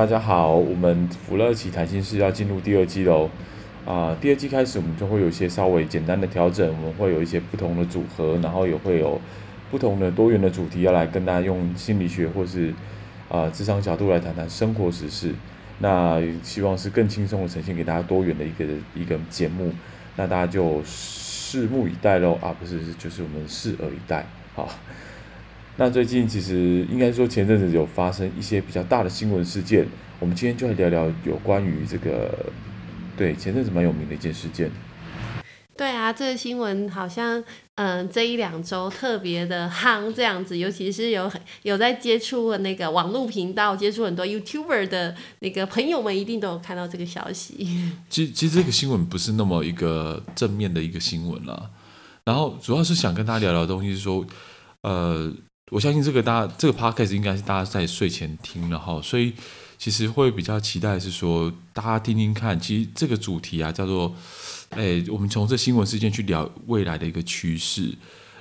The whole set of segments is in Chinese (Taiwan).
大家好，我們芙樂奇談心室要進入第二季嘍，啊、呃，第二季開始我們就會有一些稍微簡單的調整，我們會有一些不同的組合，然後也會有不同的多元的主題要來跟大家用心理學或是啊、呃、諮商角度來談談生活時事，那希望是更輕鬆的呈現給大家多元的一個一個節目，那大家就拭目以待嘍，啊，不是就是我們拭耳以待，好。那最近其實應該說前陣子有發生一些比較大的新聞事件，我們今天就來聊聊有關於這個對前陣子蠻有名的一件事件。對啊，這個新聞好像嗯、呃、這一兩周特別的夯這樣子，尤其是有有在接觸那個網絡頻道，接觸很多 YouTuber 的那個朋友們，一定都有看到這個消息。其實其實這個新聞不是那麼一個正面的一個新聞了，然後主要是想跟大家聊聊的東西是說，說呃。我相信這個大家這個 podcast 應該是大家在睡前聽的哈，所以其實會比較期待的是說大家聽聽看，其實這個主題啊叫做，哎、欸，我們從這新聞事件去聊未來的一個趨勢。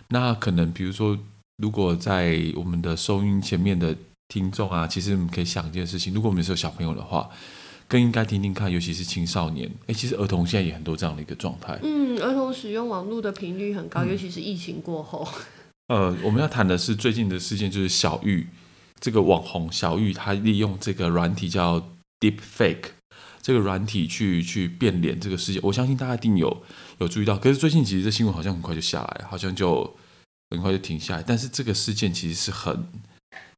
那可能比如說，如果在我們的收音前面的聽眾啊，其實我們可以想一件事情，如果我們是有小朋友的話，更應該聽聽看，尤其是青少年。哎、欸，其實兒童現在也很多這樣的一個狀態。嗯，兒童使用網絡的頻率很高，嗯、尤其是疫情過後。呃，我們要談的是最近的事件，就是小玉這個網紅小玉，她利用這個軟體叫 Deepfake 這個軟體去去變臉這個事件，我相信大家一定有有注意到。可是最近其實這新聞好像很快就下來，好像就很快就停下來。但是這個事件其實是很，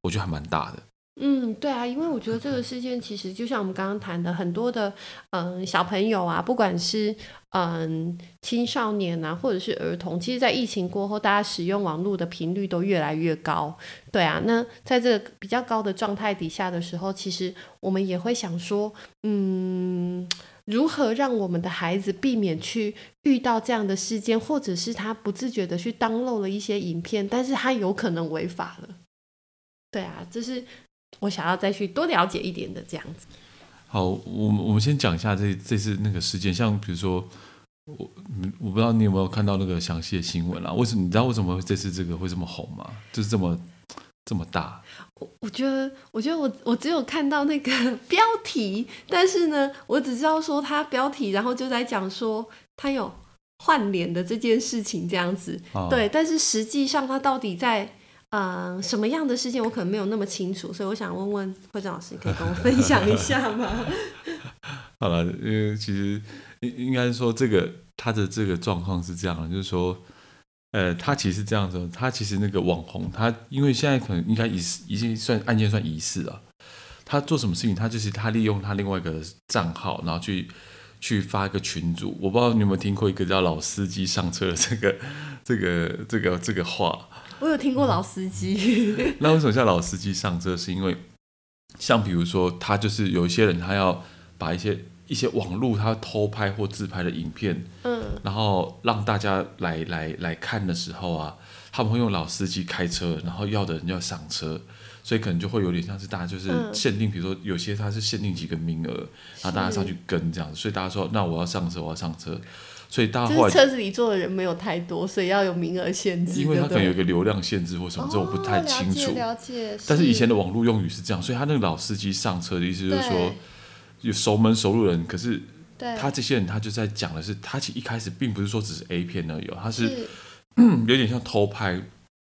我覺得還蠻大的。嗯，對啊，因為我覺得這個事件其實就像我們剛剛談的，很多的嗯小朋友啊，不管是嗯青少年啊，或者是兒童，其實，在疫情過後，大家使用網絡的頻率都越來越高。對啊，那在這個比較高的狀態底下的時候，其實我們也會想說，嗯，如何讓我們的孩子避免去遇到這樣的事件，或者是他不自覺地去 download 了一些影片，但是他有可能違法了。對啊，就是。我想要再去多了解一點的這樣子。好，我們我們先講一下這這次那個事件，像比如說我嗯，我不知道你有沒有看到那個詳細的新聞啊？為什麼你知道為什麼這次這個會這麼紅嗎？就是這麼這麼大。我我覺得，我覺得我我只有看到那個標題，但是呢，我只知道說他標題，然後就在講說他有換臉的這件事情這樣子。哦、對，但是實際上他到底在。嗯、呃，什麼樣的事件我可能沒有那麼清楚，所以我想問問會長老師，你可以跟我分享一下嗎？ 好了，因為其實應應該說，這個他的這個狀況是這樣的，就是說，呃，他其實這樣的，他其實那個網紅，他因為現在可能應該已已經算案件算疑似了，他做什麼事情，他就是他利用他另外一個賬號，然後去去發一個群組，我不知道你有沒有聽過一個叫“老司機上車”的，這個這個這個這個這個話。我有聽過老司機， 那為什麼叫老司機上車？是因為，像比如說他就是有一些人，他要把一些一些網路他偷拍或自拍的影片，嗯，然後讓大家來來來看的時候啊，他們會用老司機開車，然後要的人就要上車，所以可能就會有點像是大家就是限定，嗯、比如說有些他是限定幾個名額，是然後大家上去跟這樣，所以大家說那我要上車，我要上車。所以大家後來車子裡坐的人沒有太多，所以要有名額限制。因為他可能有個流量限制或什麼，哦、這我不太清楚。了解，了解，是。但是以前的網絡用語是這樣，所以他那個老司機上車的意思就是說對有熟門熟路的人。可是他這些人他就在講的是，對他其實一開始並不是說只是 A 片而已，他是，是 有點像偷拍，嗯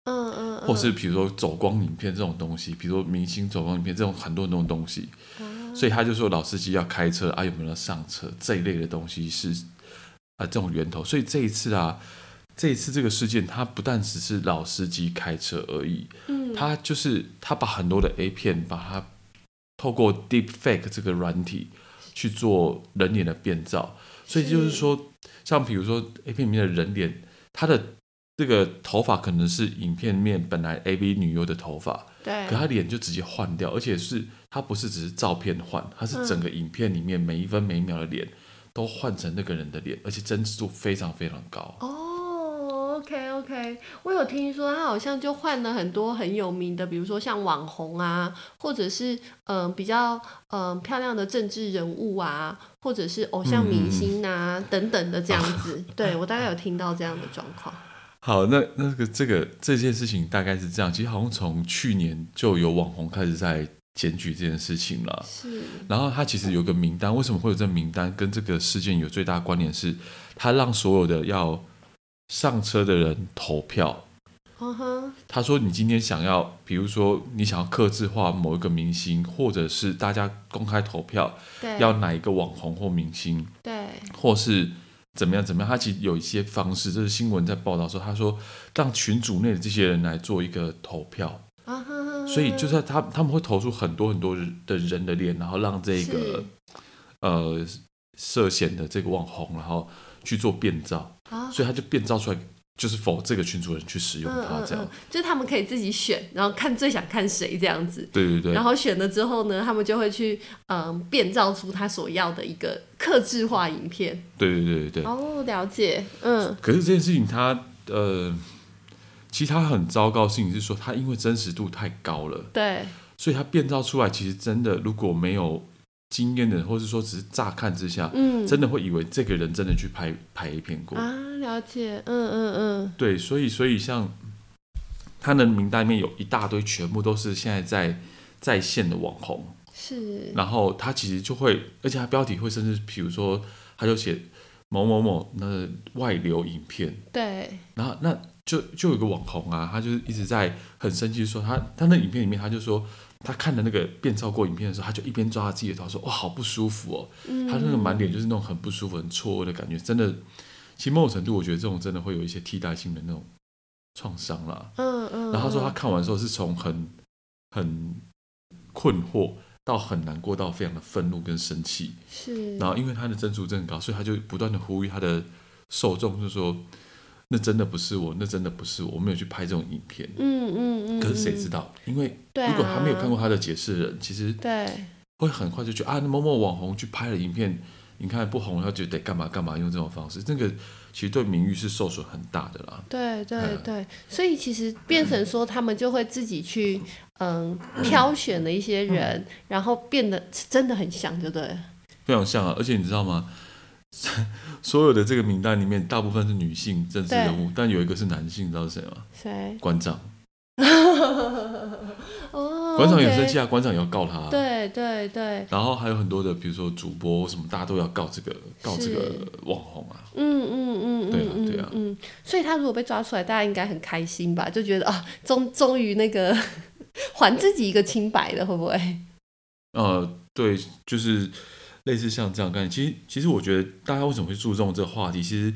嗯，嗯嗯或是比如說走光影片這種東西，比如說明星走光影片這種很多很多東西。啊、所以他就說老司機要開車啊，有沒有要上車這一類的東西是。啊、呃，這種源頭，所以這一次啊，這一次這個事件，他不但只是老司機開車而已，嗯，他就是他把很多的 A 片，把它透過 Deepfake 這個軟體去做人臉的變造，所以就是說，是像比如說 A 片裡面的人臉，他的這個頭髮可能是影片裡面本來 AV 女優的頭髮，對，可他臉就直接換掉，而且是他不是只是照片換，他是整個影片裡面每一分每一秒的臉。嗯都換成那個人的臉，而且真實度非常非常高。哦、oh，OK OK，我有聽說他好像就換了很多很有名的，比如說像網紅啊，或者是嗯、呃、比較嗯、呃、漂亮的政治人物啊，或者是偶、哦、像明星啊、嗯、等等的這樣子。 對，我大概有聽到這樣的狀況。 好，那那個這個這件事情大概是這樣，其實好像從去年就有網紅開始在。檢舉這件事情了，是。然後他其實有個名單，對為什麼會有這個名單？跟這個事件有最大關聯是，他讓所有的要上車的人投票。Uh huh. 他說：“你今天想要，比如說你想要客製化某一個明星，或者是大家公開投票，對要哪一個網紅或明星？對，或是怎麼樣怎麼樣？他其實有一些方式，就是新聞在報道說，他說讓群組內的這些人來做一個投票。Uh huh. 所以就是他他們會投出很多很多的人的臉，然後讓這個是呃涉嫌的這個網紅，然後去做變造，啊、所以他就變造出來，就是否這個群主人去使用他、嗯嗯嗯、這樣，就是他們可以自己選，然後看最想看誰這樣子，對對對，然後選了之後呢，他們就會去嗯變、呃、造出他所要的一個克制化影片，對對對對，哦了解，嗯，可是這件事情他呃。其實他很糟糕的事情是說，他因為真實度太高了，對，所以他變造出來，其實真的如果沒有經驗的人，或者是說只是乍看之下，嗯，真的會以為這個人真的去拍拍一片過啊，了解，嗯嗯嗯，嗯對，所以所以像他的名單裡面有一大堆，全部都是現在在在線的網紅，是，然後他其實就會，而且他標題會甚至，比如說他就寫。某某某那外流影片，對，然後那就就有個網紅啊，他就一直在很生氣說，說他他那影片裡面，他就說他看的那個變造過影片的時候，他就一邊抓他自己的頭說，說、哦、哇好不舒服哦，嗯、他那個滿臉就是那種很不舒服、很錯愕的感覺，真的，其實某種程度，我覺得這種真的會有一些替代性的那種創傷了、嗯，嗯嗯，然後他說他看完之後是從很很困惑。到很難過到非常的憤怒跟生氣，是。然後因為他的增速真很高，所以他就不斷的呼籲他的受眾，就是說，那真的不是我，那真的不是我，我沒有去拍這種影片。嗯嗯嗯。嗯嗯可是誰知道？嗯、因為如果還沒有看過他的解釋的人，啊、其實對，會很快就覺得啊，那某某網紅去拍了影片，你看不紅，他就得幹嘛幹嘛，用這種方式，這、那個其實對名譽是受損很大的啦。對對對，對對嗯、所以其實變成說，他們就會自己去。嗯，挑選的一些人，嗯、然後變得真的很像就對，對不對？非常像啊！而且你知道嗎？所有的這個名單裡面，大部分是女性政治人物，對但有一個是男性，你知道是誰嗎？誰誰？館長。 哦。館長有生氣啊，館、哦 okay、長也要告他、啊。對對對。然後還有很多的，比如說主播什麼，大家都要告這個，告這個網紅啊。嗯嗯嗯嗯。對、嗯、啊、嗯、對啊。嗯，對啊嗯，所以他如果被抓出來，大家應該很開心吧？就覺得啊、哦，終終於那個。還自己一個清白的，會不會？呃，對，就是類似像這樣概念。其實，其實我覺得大家為什麼會注重這個話題？其實，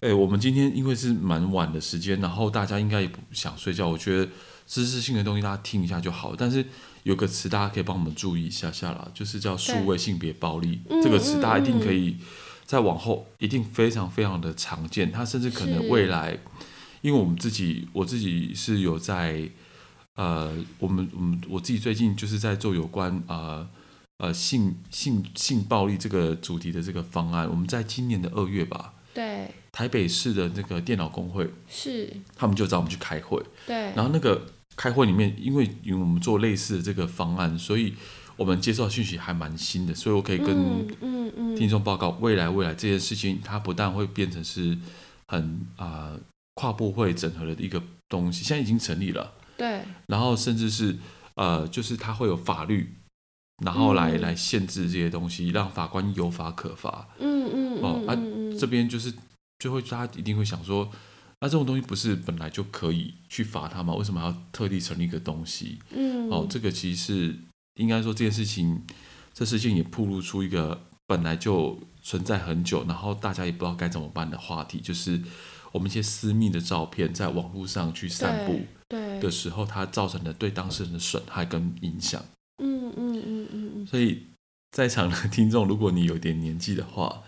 哎、欸，我們今天因為是蠻晚的時間，然後大家應該也不想睡覺。我覺得知識性的東西大家聽一下就好了。但是有個詞大家可以幫我們注意一下下啦，就是叫“數位性別暴力”對這個詞，大家一定可以。再往後，一定非常非常的常見。它甚至可能未來，是因為我們自己，我自己是有在。呃，我們我們我自己最近就是在做有關呃呃性性性暴力這個主題的這個方案。我們在今年的二月吧，對，台北市的那個電腦公會是，他們就找我們去開會，對。然後那個開會裡面，因為因為我們做類似的這個方案，所以我們接受訊息還蠻新的，所以我可以跟嗯嗯聽眾報告，嗯嗯嗯、未來未來這件事情，它不但會變成是很啊、呃、跨部會整合的一個東西，現在已經成立了。對，然後甚至是，呃，就是他會有法律，然後來、嗯、來限制這些東西，讓法官有法可罰。嗯嗯、嗯哦，啊，這邊就是就會大家一定會想說，那、啊、這種東西不是本來就可以去罰他嗎？為什麼要特地成立一個東西？嗯，哦，這個其實是應該說這件事情，這事情也暴露出一個本來就存在很久，然後大家也不知道該怎麼辦的話題，就是我們一些私密的照片在網絡上去散布。對的時候，它造成的對當事人的損害跟影響。嗯嗯嗯嗯嗯。嗯嗯嗯，所以在場的聽眾，如果你有點年紀的話，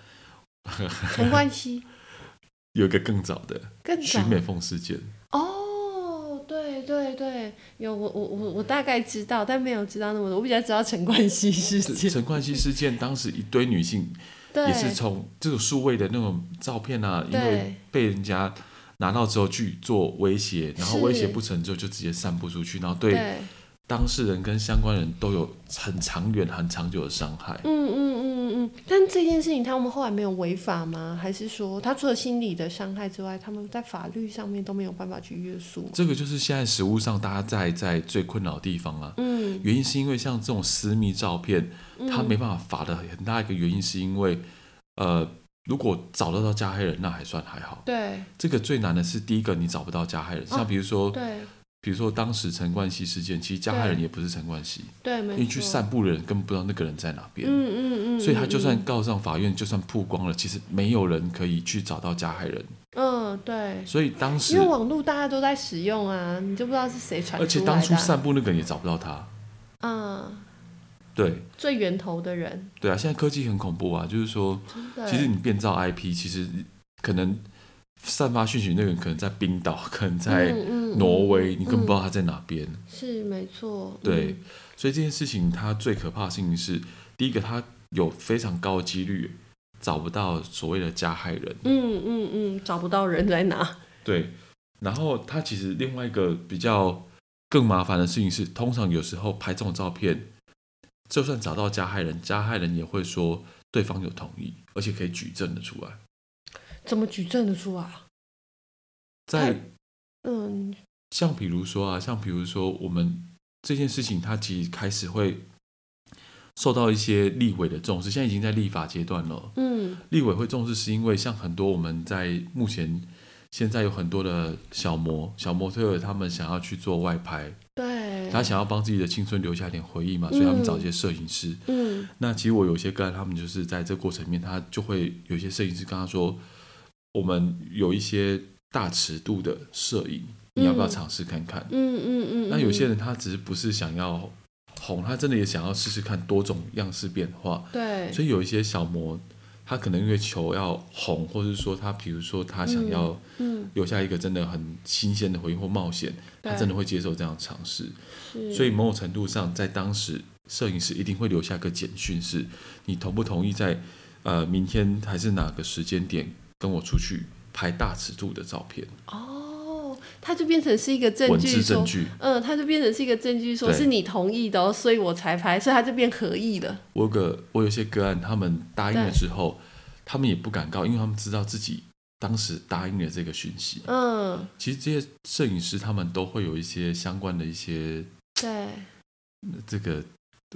陳冠希， 有一個更早的，更早璩美鳳事件。哦，對對對，有我我我我大概知道，但沒有知道那麼多。我比較知道陳冠希事件。陳冠希事件當時一堆女性對，也是從這種數位的那種照片啊，對因為被人家。拿到之後去做威脅，然後威脅不成之後就直接散布出去，是然後對，對當事人跟相關人都有很長遠、很長久的傷害。嗯嗯嗯嗯，但這件事情他們後來沒有違法嗎？還是說他除了心理的傷害之外，他們在法律上面都沒有辦法去約束？這個就是現在實務上大家在在最困擾的地方啊。嗯，原因是因為像這種私密照片，嗯、他沒辦法罰的很大一個原因，是因為呃。如果找得到加害人，那還算還好。對，這個最難的是第一個，你找不到加害人。哦、像比如說，對，比如說當時陳冠希事件，其實加害人也不是陳冠希，對，沒錯，因為去散布的人根本不知道那個人在哪邊。嗯嗯嗯，嗯嗯，所以他就算告上法院，嗯嗯、就算曝光了，其實沒有人可以去找到加害人。嗯，對。所以當時因為網絡大家都在使用啊，你就不知道是誰傳的、啊。而且當初散布那個人也找不到他。嗯。對，最源頭的人，對啊，現在科技很恐怖啊，就是說，的其實你變造 IP，其實可能散發訊息那個人可能在冰島，可能在挪威，嗯嗯、你根本不知道他在哪邊。嗯、是沒錯，對，嗯、所以這件事情它最可怕的事情是，第一個，它有非常高的幾率找不到所謂的加害人，嗯。嗯嗯嗯，找不到人在哪？對，然後它其實另外一個比較更麻煩的事情是，通常有時候拍這種照片。就算找到加害人，加害人也會說對方有同意，而且可以舉證的出來。怎麼舉證的出來？在，嗯，像比如說啊，像比如說我們這件事情，它其實開始會受到一些立委的重視，現在已經在立法階段了。嗯，立委會重視是因為像很多我們在目前現在有很多的小模小模特他們想要去做外拍。他想要幫自己的青春留下點回憶嘛，所以他們找一些攝影師。嗯，嗯，那其實我有些跟他們就是在這過程裡面，他就會有些攝影師跟他說，我們有一些大尺度的攝影，你要不要嘗試看看？嗯嗯嗯。嗯嗯嗯，那有些人他只是不是想要紅，他真的也想要試試看多種樣式變化。對。所以有一些小模。他可能因為球要紅，或者是說他，比如說他想要留下一個真的很新鮮的回憶或冒險，嗯嗯、他真的會接受這樣的嘗試。所以某種程度上，在當時，攝影師一定會留下個簡訊，是你同不同意在呃明天還是哪個時間點跟我出去拍大尺度的照片？哦。他就變成是一個證據，文字證據，嗯，他就變成是一個證據，說是你同意的，對所以我才拍，所以他就變合意的。我有個我有些個案，他們答應了之後，對他們也不敢告，因為他們知道自己當時答應了這個訊息、啊。嗯，其實這些攝影師他們都會有一些相關的一些，對、嗯，這個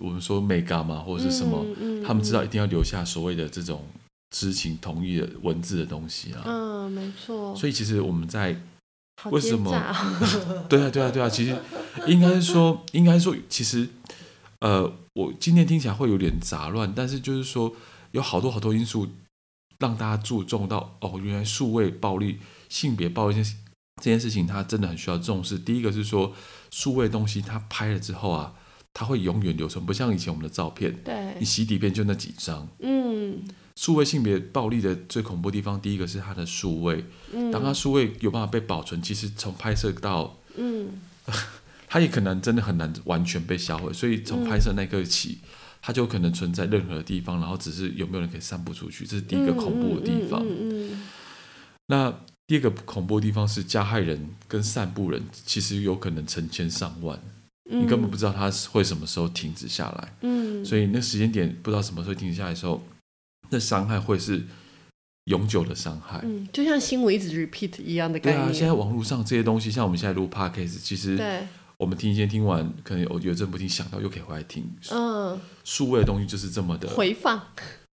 我們說美感嘛，或者是什麼，嗯嗯、他們知道一定要留下所謂的這種知情同意的文字的東西啊。嗯，沒錯。所以其實我們在。哦、為什麼？對啊，對啊，對啊。啊、其實，應該說，應該說，其實，呃，我今天聽起來會有點雜亂，但是就是說，有好多好多因素讓大家注重到，哦，原來數位暴力、性別暴力這件這件事情，它真的很需要重視。第一個是說，數位東西它拍了之後啊，它會永遠留存，不像以前我們的照片，對，你洗底片就那幾張，嗯。數位性別暴力的最恐怖的地方，第一個是它的數位，當它數位有辦法被保存，其實從拍攝到、嗯呵呵，它也可能真的很難完全被銷毀，所以從拍攝那一刻起，它就可能存在任何地方，然後只是有沒有人可以散布出去，這是第一個恐怖的地方。嗯嗯嗯嗯、那第二個恐怖的地方是加害人跟散布人，其實有可能成千上萬，嗯、你根本不知道他會什麼時候停止下來，嗯、所以那時間點不知道什麼時候停止下來的時候。那傷害會是永久的傷害，嗯，就像新聞一直 repeat 一樣的感覺。對啊，現在網絡上這些東西，像我們現在錄 podcast，其實我們聽先聽完，可能我有陣不聽，想到又可以回來聽。嗯，數位的東西就是這麼的回放，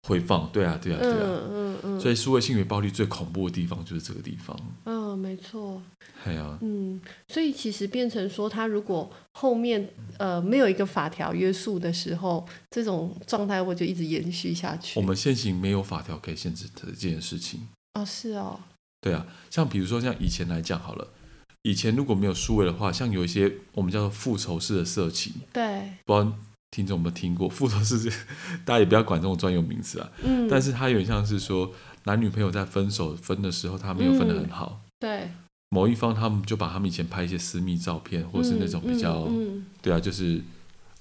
回放，對啊，對啊，對啊，嗯嗯。嗯嗯，所以數位性別暴力最恐怖的地方就是這個地方。嗯。嗯、哦，沒錯。對啊。嗯，所以其實變成說，他如果後面呃沒有一個法條約束的時候，嗯、這種狀態會就一直延續下去。我們現行沒有法條可以限制的這件事情。哦，是哦。對啊，像比如說像以前來講好了，以前如果沒有數位的話，像有一些我們叫做復仇式的色情。對。不知道聽眾有沒有聽過復仇式？大家也不要管這種專有名詞啊。嗯。但是它有點像是說男女朋友在分手分的時候，他沒有分得很好。嗯對，某一方他們就把他們以前拍一些私密照片，嗯、或者是那種比較，嗯嗯、對啊，就是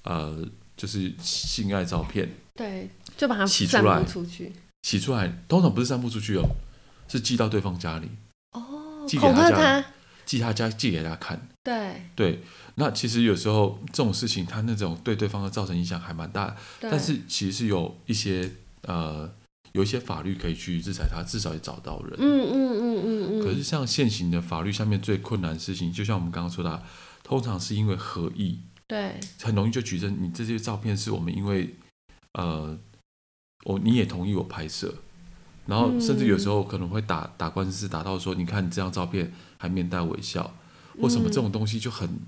呃，就是性愛照片，對，就把它洗出，出來，出去，洗出來，通常不是散布出去哦，是寄到對方家裡，哦，寄給他家，他寄他家，寄給他家看，對，對，那其實有時候這種事情，他那種對對方的造成影響還蠻大，對但是其實有一些呃。有一些法律可以去制裁他，至少也找到人。嗯嗯嗯嗯，可是像現行的法律上面最困難的事情，就像我們剛剛說的，通常是因為合意。對。很容易就舉證，你這些照片是我們因為，呃，我你也同意我拍攝，然後甚至有時候可能會打打官司，打到說，你看你這張照片還面帶微笑，或什麼這種東西就很、嗯、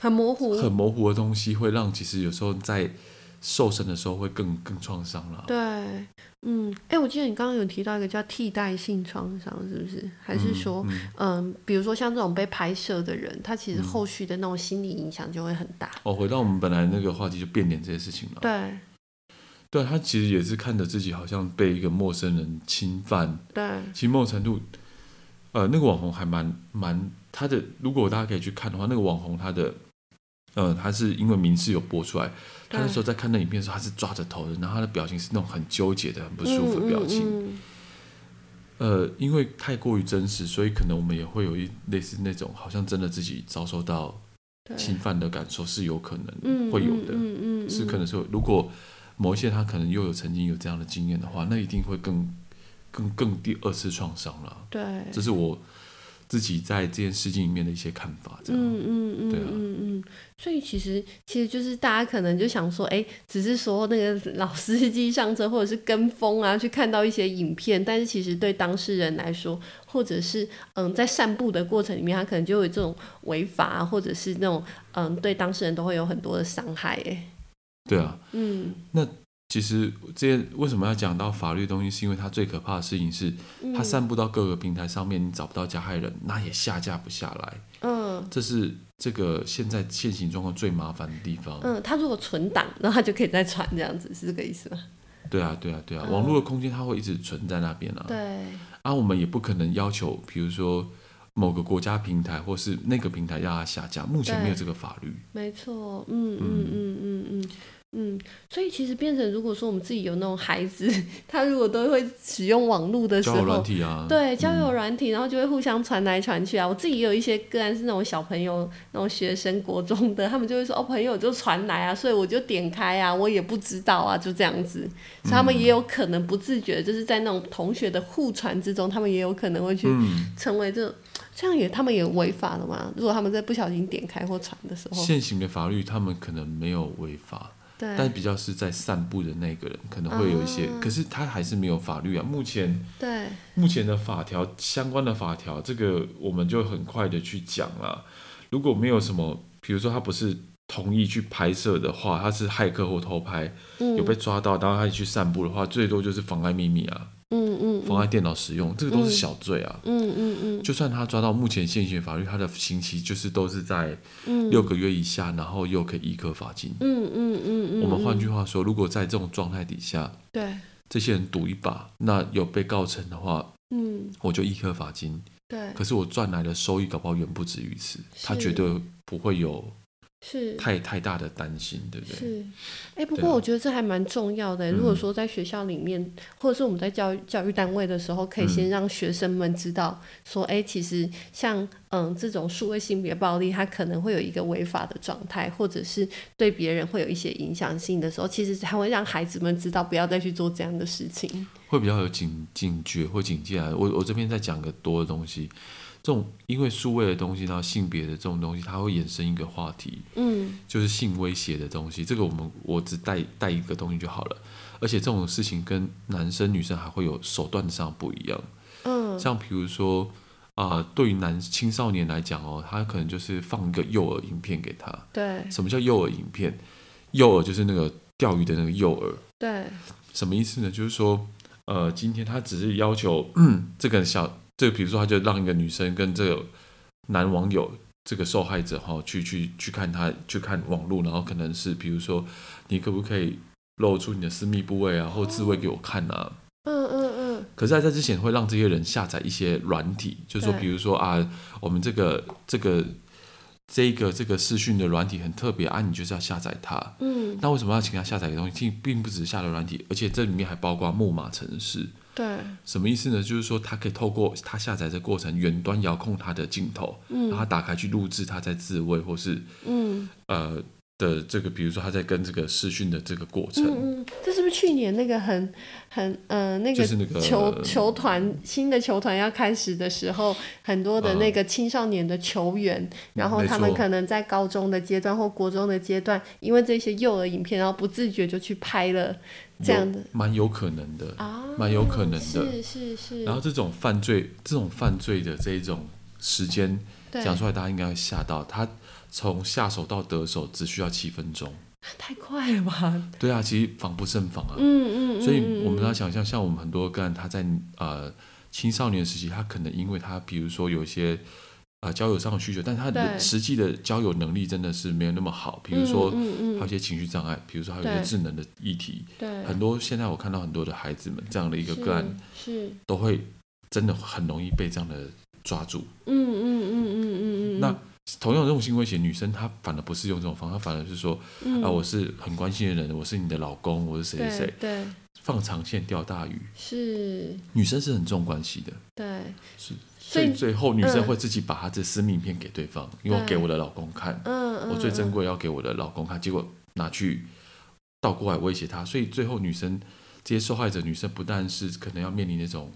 很模糊，很模糊的東西會讓其實有時候在。受傷的時候會更更創傷了。對，嗯，哎、欸，我記得你剛剛有提到一個叫替代性創傷，是不是？還是說，嗯，嗯、呃，比如說像這種被拍攝的人，他其實後續的那種心理影響就會很大，嗯。哦，回到我們本來那個話題，就變臉這些事情了。對，對他其實也是看着自己好像被一個陌生人侵犯，對，其實某種程度，呃，那個網紅還蠻蠻他的，如果大家可以去看的話，那個網紅他的。嗯，他、呃、是因為名字有播出來，他對那時候在看那影片的時候，他是抓着頭的，然後他的表情是那種很糾結的、很不舒服的表情。嗯嗯嗯、呃，因為太過於真實，所以可能我們也會有一類似那種好像真的自己遭受到侵犯的感受是有可能會有的，嗯嗯嗯嗯、是可能說如果某一些他可能又有曾經有這樣的經驗的話，那一定會更、更、更第二次創傷了。對，這是我。自己在這件事情裡面的一些看法，這樣，嗯嗯嗯，嗯對啊，嗯嗯，所以其實其實就是大家可能就想說，哎、欸，只是說那個老司機上車或者是跟風啊，去看到一些影片，但是其實對當事人來說，或者是嗯，在散步的過程裡面，他可能就有這種違法、啊，或者是那種嗯，對當事人都會有很多的傷害、欸，哎，對啊，嗯，那。其實這些為什麼要講到法律的東西？是因為它最可怕的事情是，它散布到各個平台上面，你找不到加害人，那也下架不下來。嗯，這是這個現在現行狀況最麻煩的地方。嗯，他如果存檔，那他就可以再傳，這樣子是這個意思嗎？對啊，對啊，對啊。啊、網絡的空間，它會一直存在那邊啊。對。啊，我們也不可能要求，比如說某個國家平台或是那個平台要它下架，目前沒有這個法律。沒錯，嗯嗯嗯嗯嗯。嗯，所以其實變成，如果說我們自己有那種孩子，他如果都會使用網絡的時候，交友軟體啊，對，交友軟體，然後就會互相傳來傳去啊。嗯、我自己也有一些個案是那種小朋友，那種學生國中的，他們就會說，哦，朋友就傳來啊，所以我就點開啊，我也不知道啊，就這樣子。所以他們也有可能不自覺，嗯、就是在那種同學的互傳之中，他們也有可能會去成為這種，嗯、這樣也他們也違法了嘛。如果他們在不小心點開或傳的時候，現行的法律他們可能沒有違法。對但比較是在散布的那個人，可能會有一些，嗯、可是他還是沒有法律啊。目前，對目前的法條相關的法條，這個我們就很快的去講了。如果沒有什麼，比如說他不是同意去拍攝的話，他是駭客或偷拍，嗯、有被抓到，當然他去散布的話，最多就是妨害秘密啊。嗯嗯，妨礙電腦使用，嗯嗯、這個都是小罪啊。嗯嗯嗯，嗯嗯就算他抓到，目前現行法律他的刑期就是都是在六個月以下，嗯、然後又可以易科罰金。嗯嗯嗯，嗯我們換句話說，如果在這種狀態底下，對，這些人賭一把，那有被告成的話，嗯，我就易科罰金。對，可是我賺來的收益，搞不好遠不止於此。是他絕對不會有。是太太大的擔心，對不對？是，哎、欸，不過我覺得這還蠻重要的。對如果說在學校裡面，或者是我們在教育教育單位的時候，可以先讓學生們知道，說，哎、嗯欸，其實像嗯這種數位性別暴力，它可能會有一個違法的狀態，或者是對別人會有一些影響性的時候，其實才會讓孩子們知道不要再去做這樣的事情，會比較有警警覺或警戒啊。我我這邊再講個多的東西。這種因為數位的東西，然後性別的這種東西，它會衍生一個話題，嗯，就是性威脅的東西。這個我們我只帶帶一個東西就好了。而且這種事情跟男生女生還會有手段上不一樣，嗯，像比如說啊，呃，對於男青少年來講哦，他可能就是放一個誘餌影片給他，對，什麼叫誘餌影片？誘餌就是那個釣魚的那個誘餌，對，什麼意思呢？就是說，呃，今天他只是要求這個小。這個比如說，他就讓一個女生跟這個男網友，這個受害者哈、哦，去去去看他，去看網路，然後可能是比如說，你可不可以露出你的私密部位啊，或自慰給我看啊？嗯嗯嗯。嗯嗯可是，在這之前，會讓這些人下載一些軟體，就是說，比如說啊，對我們這個這個。這個這個視訊的軟體很特別啊，你就是要下載它。嗯，那為什麼要請他下載個東西？並並不只是下載軟體，而且這裡面還包括木馬程式。對，什麼意思呢？就是說他可以透過他下載的過程，遠端遙控他的鏡頭，嗯、然後打開去錄製他在自慰或是嗯呃。的這個，比如說他在跟這個視訊的這個過程，嗯這是不是去年那個很很呃那個、那個、球球團新的球團要開始的時候，很多的那個青少年的球員，嗯、然後他們可能在高中的階段或國中的階段，沒錯。因為這些幼兒影片，然後不自覺就去拍了這樣的，蠻有可能的啊，蠻有可能的，是是、哦、是，是是然後這種犯罪，這種犯罪的這一種。時間講出來，大家應該會嚇到。對他從下手到得手只需要七分鐘，太快了吧？對啊，其實防不勝防啊。嗯嗯嗯、所以我們要想象，像我們很多個案，他在呃青少年時期，他可能因為他比如說有一些啊、呃、交友上的需求，但他的對實際的交友能力真的是沒有那麼好。比如說，還、嗯嗯嗯、有些情緒障礙，比如說還有一些智能的議題。很多現在我看到很多的孩子們這樣的一個個案，都會真的很容易被這樣的。抓住，嗯嗯嗯嗯嗯嗯。嗯嗯嗯嗯那同樣這種性威脅，女生她反而不是用這種方法，她反而是說，嗯、啊，我是很關心的人，我是你的老公，我是誰誰誰，對，放長線釣大魚，是。女生是很重關係的，對，是。所以最後女生會自己把她這私密片給對方，因為我給我的老公看，嗯對我最珍貴要給我的老公看，結果拿去倒過來威脅她。所以最後女生這些受害者女生不但是可能要面臨那種。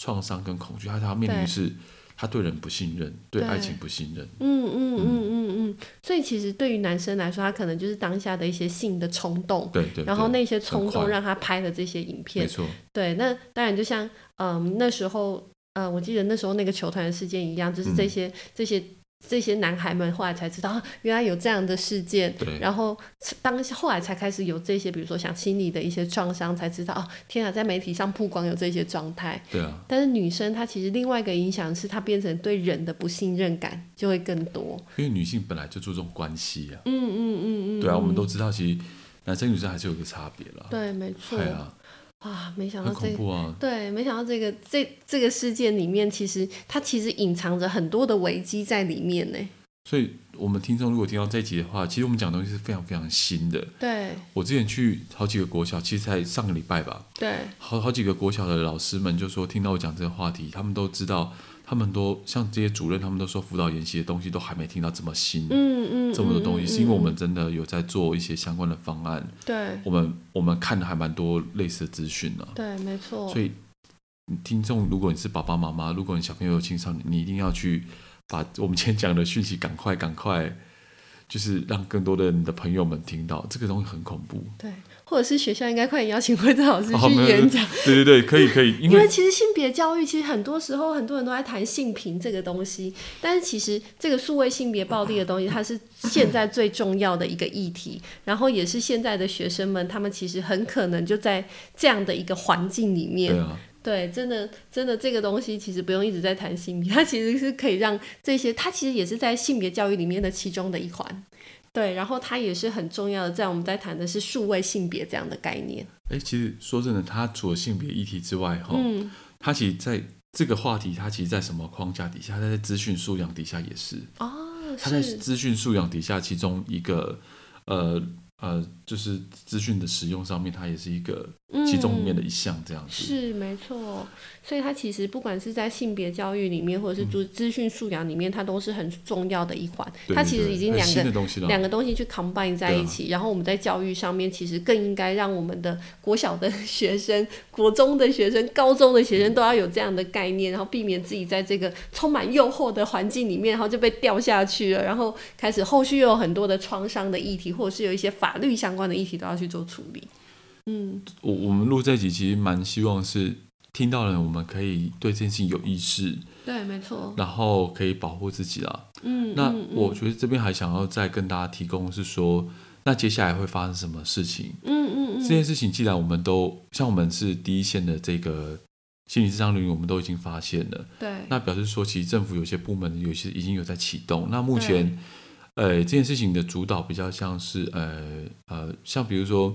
創傷跟恐懼，他他面臨的是，他對人不信任，對，對愛情不信任。嗯嗯嗯嗯嗯，嗯嗯嗯所以其實對於男生來說，他可能就是當下的一些性的衝動，對，對對，然後那些衝動讓他拍了這些影片，沒錯，對。那當然就像嗯、呃、那時候嗯、呃、我記得那時候那個球團事件一樣，就是這些這些。嗯這些男孩們後來才知道，原來有這樣的事件。對。然後當後來才開始有這些，比如說想心理的一些創傷，才知道哦，天哪、啊，在媒體上曝光有這些狀態。對啊。但是女生她其實另外一個影響是，她變成對人的不信任感就會更多。因為女性本來就注重關係啊。嗯嗯嗯嗯。嗯嗯嗯對啊，我們都知道，其實男生女生還是有個差別啦。對，沒錯。對啊。啊，沒想到這個，恐怖啊、對，沒想到這個這這個事件裡面，其實它其實隱藏着很多的危機在裡面呢、欸。所以，我們聽眾如果聽到這一集的話，其實我們講東西是非常非常新的。對，我之前去好幾個國小，其實才上個禮拜吧。對，好好幾個國小的老師們就說，聽到我講這個話題，他們都知道。他們都像這些主任，他們都說輔導研習的東西都還沒聽到這麼新，嗯嗯、這麼多東西、嗯嗯、是因為我們真的有在做一些相關的方案，對我，我們我們看的還蠻多類似的資訊了、啊，對，沒錯。所以聽眾，如果你是爸爸媽媽，如果你小朋友有青少年，你一定要去把我們今天講的訊息趕快趕快，就是讓更多的你的朋友們聽到，這個東西很恐怖，對。或者是學校應該快點邀請會澤老師去演講。對對對，可以可以。因為其實性別教育，其實很多時候很多人都在談性平這個東西，但是其實這個數位性別暴力的東西，它是現在最重要的一個議題，然後也是現在的學生們，他們其實很可能就在這樣的一個環境裡面。對，真的真的，這個東西其實不用一直在談性平，它其實是可以讓這些，它其實也是在性別教育裡面的其中的一環。對，然後它也是很重要的。在我們在談的是數位性別這樣的概念。哎，其實說真的，它除了性別議題之外，哈、嗯，它其實在這個話題，它其實，在什麼框架底下？它在資訊素養底下也是。哦，是。它在資訊素養底下，其中一個，呃。呃，就是資訊的使用上面，它也是一個其中一面的一項這樣子。嗯、是沒錯，所以它其實不管是在性別教育裡面，或者是就資訊素養裡面，嗯、它都是很重要的一環。對對對，它其實已經兩個兩、欸、個東西去 combine 在一起。啊、然後我們在教育上面，其實更應該讓我們的國小的學生、國中的學生、高中的學生都要有這樣的概念，然後避免自己在這個充滿誘惑的環境裡面，然後就被掉下去了，然後開始後續又有很多的創傷的議題，或者是有一些反。法律相關的議題都要去做處理。嗯，我我們錄這集其實蠻希望是聽到了，我們可以對這件事情有意識。對，沒錯。然後可以保護自己啦。嗯，那我覺得這邊還想要再跟大家提供是說，嗯嗯，那接下來會發生什麼事情？嗯嗯，嗯。這件事情既然我們都像我們是第一線的這個心理健康領域，我們都已經發現了。對。那表示說，其實政府有些部門有些已經有在啟動。那目前對。呃，這件事情的主導比較像是，呃呃，像比如說，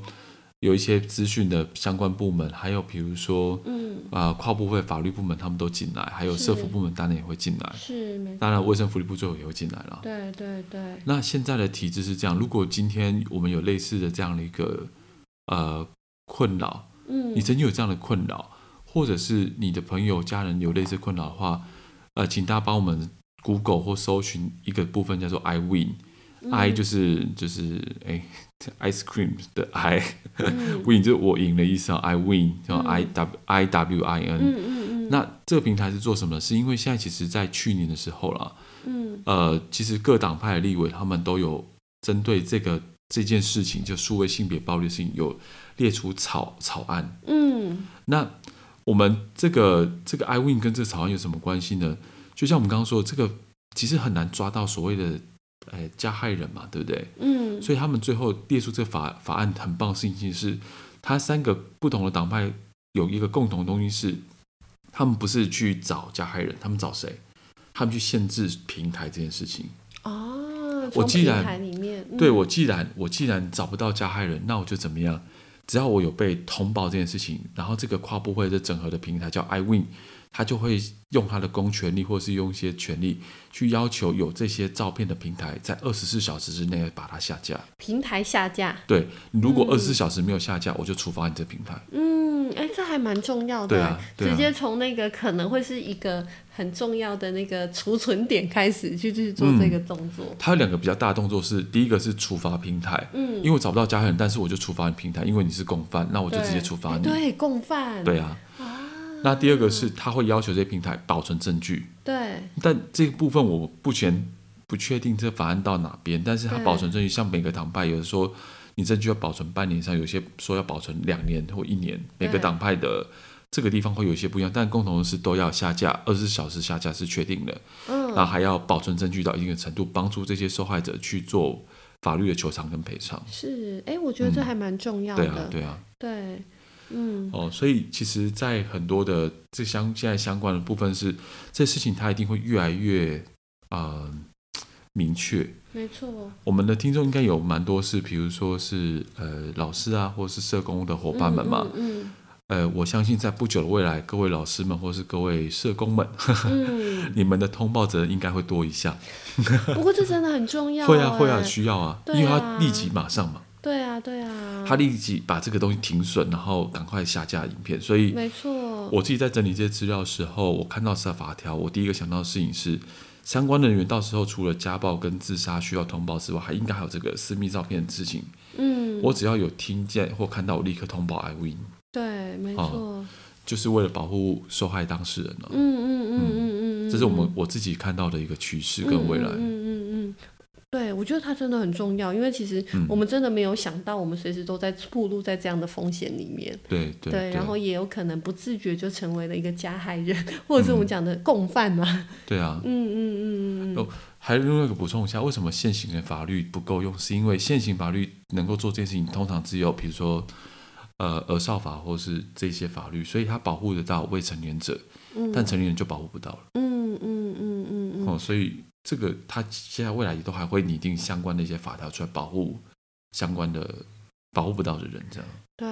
有一些資訊的相關部門，還有比如說，嗯，呃，跨部會法律部門他們都進來，還有社福部門當然也會進來，是，是，當然衛生福利部最後也會進來了，對對對。那現在的體制是這樣，如果今天我們有類似的這樣的一個呃困擾，嗯，你曾經有這樣的困擾，或者是你的朋友家人有類似困擾的話，呃，請大家幫我們。Google 或搜尋一個部分叫做 I Win，I、嗯、就是就是哎、欸、Ice Cream 的 I、嗯、 Win 就是我贏的意思啊，I Win 叫、嗯、I W I N。嗯嗯嗯、那這個平台是做什麼呢？是因為現在其實，在去年的時候了，嗯呃，其實各黨派的立委他們都有針對這個這件事情，就數位性別暴力事情，有列出草草案。嗯。那我們這個這個 I Win 跟這個草案有什麼關係呢？就像我們剛剛說的，這個其實很難抓到所謂的，呃、哎，加害人嘛，對不對？嗯。所以他們最後列出這個法法案很棒的事情是，他三個不同的黨派有一個共同的東西是，他們不是去找加害人，他們找誰？他們去限制平台這件事情。啊、哦，從平台裡面，嗯，我既然對我既然我既然找不到加害人，那我就怎麼樣？只要我有被通報這件事情，然後這個跨部會的整合的平台叫 iWin。他就會用他的公權力，或者是用一些權力，去要求有這些照片的平台，在二十四小時之內把它下架。平台下架。對，如果二十四小時沒有下架，嗯、我就處罰你這平台。嗯，哎、欸，這還蠻重要的，對啊對啊，直接從那個可能會是一個很重要的那個儲存點開始去去做這個動作。它、嗯、有兩個比較大的動作是，是第一個是處罰平台，嗯，因為我找不到加害人，但是我就處罰你平台，因為你是共犯，那我就直接處罰你對、欸。對，共犯。對啊。那第二個是，他會要求這些平台保存證據。嗯、對。但這個部分我目前不確定這個法案到哪邊，但是他保存證據，對像每個黨派有的是說，你證據要保存半年以上，有些說要保存兩年或一年，每個黨派的這個地方會有一些不一樣，對但共同的是都要下架，二十四小時下架是確定的。嗯。然後還要保存證據到一定的程度，幫助這些受害者去做法律的求償跟賠償。是，哎，我覺得這還蠻重要的。嗯、對啊，對啊。對。嗯，哦，所以其實，在很多的這相現在相關的部分是，這事情它一定會越來越啊、呃、明確。沒錯。我們的聽眾應該有蠻多是，比如說是呃老師啊，或者是社工的伙伴們嘛。嗯。嗯嗯、呃，我相信在不久的未來，各位老師們或是各位社工們，嗯、 你們的通報責任應該會多一項。 不過這真的很重要。 會啊會啊，需要啊，啊因為他立即馬上嘛。對啊，對啊，他立即把這個東西停損，然後趕快下架影片。所以，沒錯，我自己在整理這些資料的時候，我看到這個法條，我第一個想到的事情是，相關人員到時候除了家暴跟自殺需要通報之外，還應該還有這個私密照片的事情。嗯，我只要有聽見或看到，我立刻通報 Iwin。I win 對，沒錯。哦，就是為了保護受害當事人了。嗯嗯嗯嗯嗯這是我們我自己看到的一個趨勢跟未來。嗯嗯對，我覺得他真的很重要，因為其實我們真的沒有想到，我們隨時都在暴露在這樣的風險裡面。嗯、對對，對。然後也有可能不自覺就成為了一個加害人，嗯、或者是我們講的共犯嘛。對啊。嗯嗯嗯嗯嗯。嗯嗯哦，還另外一個補充一下，為什麼現行的法律不夠用？是因為現行法律能夠做這件事情，通常只有比如說呃，兒少法或是這些法律，所以它保護得到未成年者、嗯、但成年人就保護不到了。嗯嗯嗯嗯。嗯嗯嗯嗯哦，所以。這個他現在未來也都還會擬定相關的一些法條出來保護相關的保護不到的人這樣。對，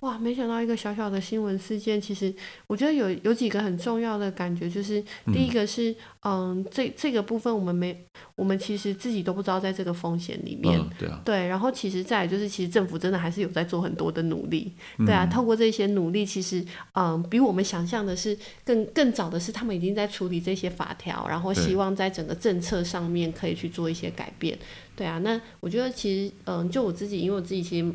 哇，沒想到一個小小的新聞事件，其實我覺得有有幾個很重要的感覺，就是第一個是，嗯，呃、這這個部分我們沒，我們其實自己都不知道在這個風險裡面，嗯、對啊、對，然後其實再就是，其實政府真的還是有在做很多的努力，嗯、對啊，透過這些努力，其實，嗯、呃，比我們想象的是更更早的是，他們已經在處理這些法條，然後希望在整個政策上面可以去做一些改變，對，對啊，那我覺得其實，嗯、呃，就我自己，因為我自己其實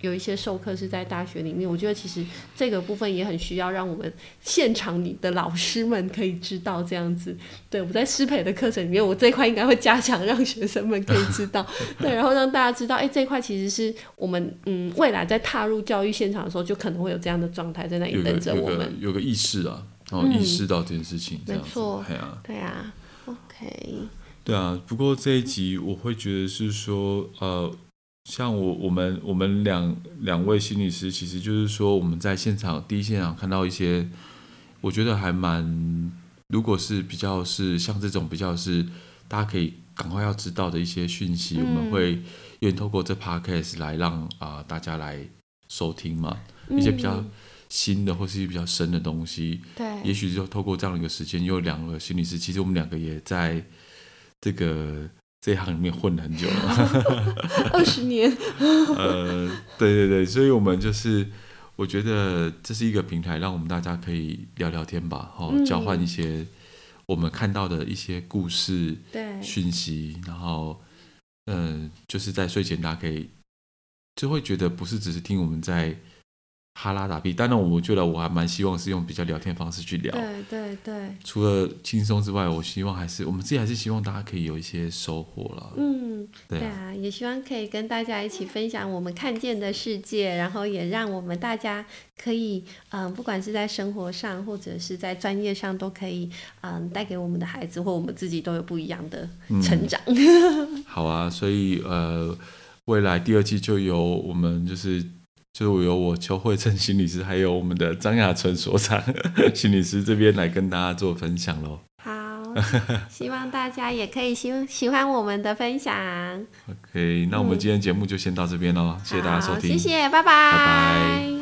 有一些受。課是在大學裡面，我覺得其實這個部分也很需要讓我們現場裡的老師們可以知道這樣子。對，我在師培的課程裡面，我這一塊應該會加強，讓學生們可以知道。 對，然後讓大家知道，哎，這一塊其實是我們嗯未來在踏入教育現場的時候，就可能會有這樣的狀態，在那裡等着我們有個，有個，有個意識啊，然後，哦，嗯，意識到這件事情，沒錯，對啊，對啊，OK，對啊。不過這一集我會覺得是說，呃。像我我們我們兩兩位心理師，其實就是說我們在現場第一現場看到一些，我覺得還蠻，如果是比較是像這種比較是大家可以趕快要知道的一些訊息，嗯、我們會願意透過這 podcast 來讓啊、呃、大家來收聽嘛，嗯、一些比較新的或是比較深的東西，對，也許就透過這樣的一個時間，又有兩個心理師，其實我們兩個也在這個。這一行裡面混了很久了，二 十 年。 呃，對對對，所以我們就是，我覺得這是一個平台，讓我們大家可以聊聊天吧，然、哦嗯、交換一些我們看到的一些故事、對訊息，然後，嗯、呃，就是在睡前，大家可以就會覺得不是只是聽我們在。哈拉打屁，當然我覺得我還蠻希望是用比較聊天方式去聊，對對對，對對，除了輕鬆之外，我希望還是我們自己還是希望大家可以有一些收穫了。嗯，對啊，對啊，也希望可以跟大家一起分享我們看見的世界，然後也讓我們大家可以，嗯、呃，不管是在生活上或者是在專業上，都可以，嗯、呃，帶給我們的孩子或我們自己都有不一樣的成長。嗯、 好啊，所以呃，未來第二季就由我們就是。就是由我邱慧珍心理師，還有我們的張雅淳所長心理師這邊來跟大家做分享咯。好，希望大家也可以喜喜歡我們的分享。 OK，那我們今天節目就先到這邊咯。謝謝大家收聽，謝謝，拜拜，拜拜。